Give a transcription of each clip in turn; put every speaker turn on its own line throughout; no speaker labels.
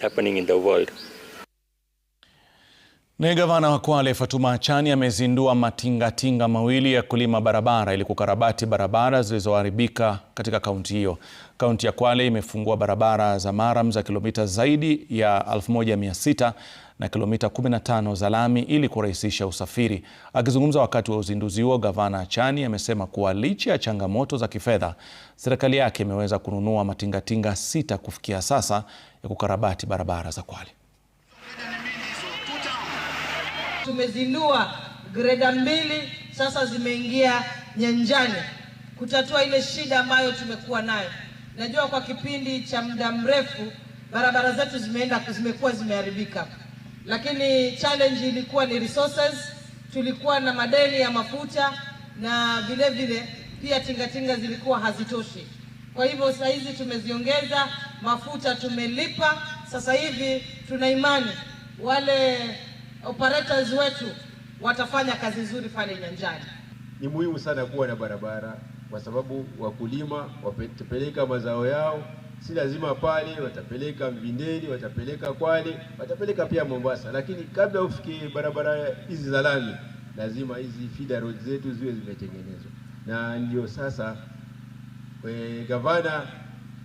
happening in the world.
Naye gavana wa Kwale Fatuma Achani amezindua matingatinga mawili ya kulima barabara ili kukarabati barabara zilizoharibika katika kaunti hiyo. Kaunti ya Kwale imefungua barabara za maram za kilomita zaidi ya 1600 na kilomita 15 za lami ili kurahisisha usafiri. Akizungumza wakati wa uzinduzi huo, gavana Achani amesema kuwa licha ya changamoto za kifedha, serikali yake imeweza kununua matingatinga sita kufikia sasa ya kukarabati barabara za Kwale.
Tumezindua greda mbili sasa zimeingia nyanjani kutatua ile shida ambayo tumekuwa nayo. Najua kwa kipindi cha muda mrefu barabara zetu zimeenda zimekuwa zimeharibika, lakini challenge ilikuwa ni resources. Tulikuwa na madeni ya mafuta na vile vile pia tingatinga zilikuwa hazitoshi. Kwa hivyo sasa hizi tumeziongeza mafuta, tumelipa. Sasa hivi tuna imani wale operators wetu watafanya kazi nzuri pale nyanjani.
Ni muhimu sana kuwa na barabara, kwa sababu wakulima watapeleka mazao yao, si lazima pale, watapeleka mvindeni watapeleka Kwale, watapeleka pia Mombasa, lakini kabla ufike barabara hizi za lami, lazima hizi feeder roads zetu ziwe zimetengenezwa, na ndio sasa e, gavana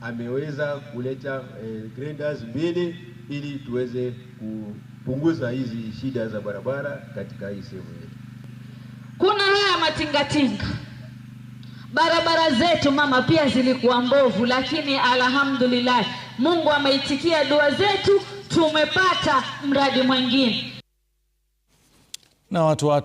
ameweza kuleta e, grinders mbili ili tuweze ku kupunguza hizi shida za barabara katika hii sehemu yetu.
Kuna haya matingatinga, barabara zetu mama pia zilikuwa mbovu, lakini alhamdulillah Mungu ameitikia dua zetu, tumepata mradi mwingine na watu